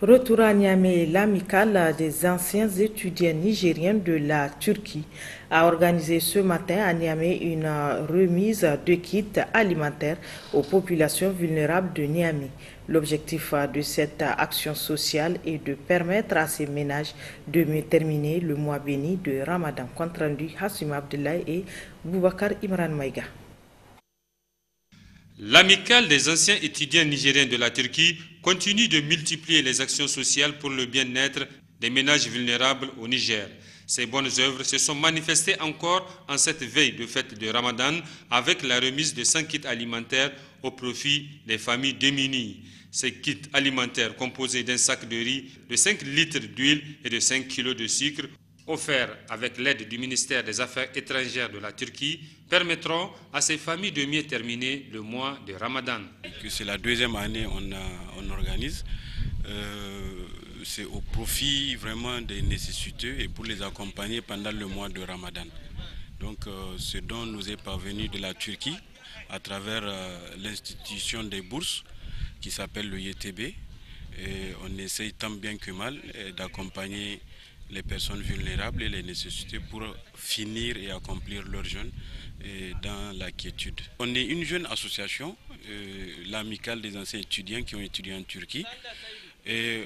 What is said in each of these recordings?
Retour à Niamey, l'amicale des anciens étudiants nigériens de la Turquie a organisé ce matin à Niamey une remise de kits alimentaires aux populations vulnérables de Niamey. L'objectif de cette action sociale est de permettre à ces ménages de terminer le mois béni de Ramadan. contre rendu Hassim Abdullah et Boubacar Imran Maïga. L'amicale des anciens étudiants nigériens de la Turquie continue de multiplier les actions sociales pour le bien-être des ménages vulnérables au Niger. Ces bonnes œuvres se sont manifestées encore en cette veille de fête de Ramadan avec la remise de 5 kits alimentaires au profit des familles démunies. Ces kits alimentaires composés d'un sac de riz, de 5 litres d'huile et de 5 kg de sucre Offert avec l'aide du ministère des Affaires étrangères de la Turquie permettront à ces familles de mieux terminer le mois de Ramadan. C'est la deuxième année qu'on on organise. Euh, c'est au profit vraiment des nécessiteux et pour les accompagner pendant le mois de Ramadan. Donc euh, ce don nous est parvenu de la Turquie à travers euh, l'institution des bourses qui s'appelle le YTB. E et on essaye tant bien que mal d'accompagner les personnes vulnérables et les nécessités pour finir et accomplir leur jeûne euh, dans la quiétude. On est une jeune association, euh, l'amicale des anciens étudiants qui ont étudié en Turquie. Et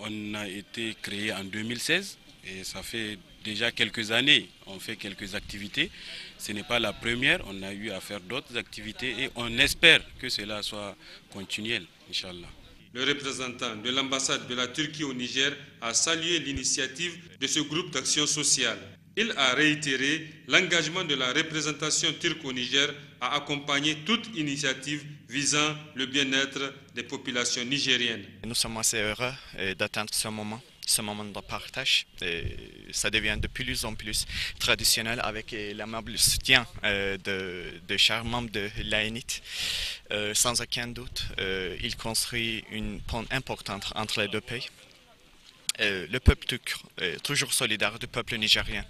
on a été créé en 2016 et ça fait déjà quelques années, on fait quelques activités. Ce n'est pas la première, on a eu à faire d'autres activités et on espère que cela soit continuel, Inch'Allah. Le représentant de l'ambassade de la Turquie au Niger a salué l'initiative de ce groupe d'action sociale. Il a réitéré l'engagement de la représentation turque au Niger à accompagner toute initiative visant le bien-être des populations nigériennes. Nous sommes assez heureux euh, d'atteindre ce moment ce moment de partage. ça devient de plus en plus traditionnel avec l'amable soutien euh, de, de chers membres de l'ANIT. Euh, sans aucun doute, euh, il construit une ponte importante entre les deux pays. le peuple turc, toujours solidaire du peuple nigérien.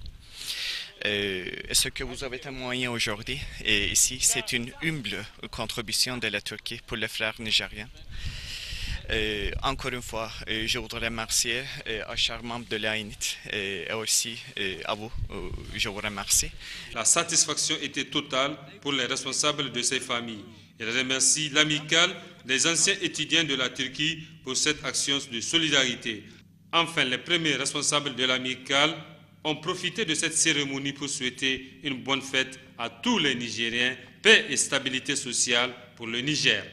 ce que vous avez témoigné aujourd'hui et ici, c'est une humble contribution de la Turquie pour les frères nigériens encore une fois, je voudrais remercier à chers membre de l'AINIT et aussi à vous. Euh, je vous remercie. La satisfaction était totale pour les responsables de ces familles. Je remercie l'amicale les anciens étudiants de la Turquie pour cette action de solidarité. Enfin, les premiers responsables de l'amicale ont profité de cette cérémonie pour souhaiter une bonne fête à tous les Nigériens, paix et stabilité sociale pour le Niger.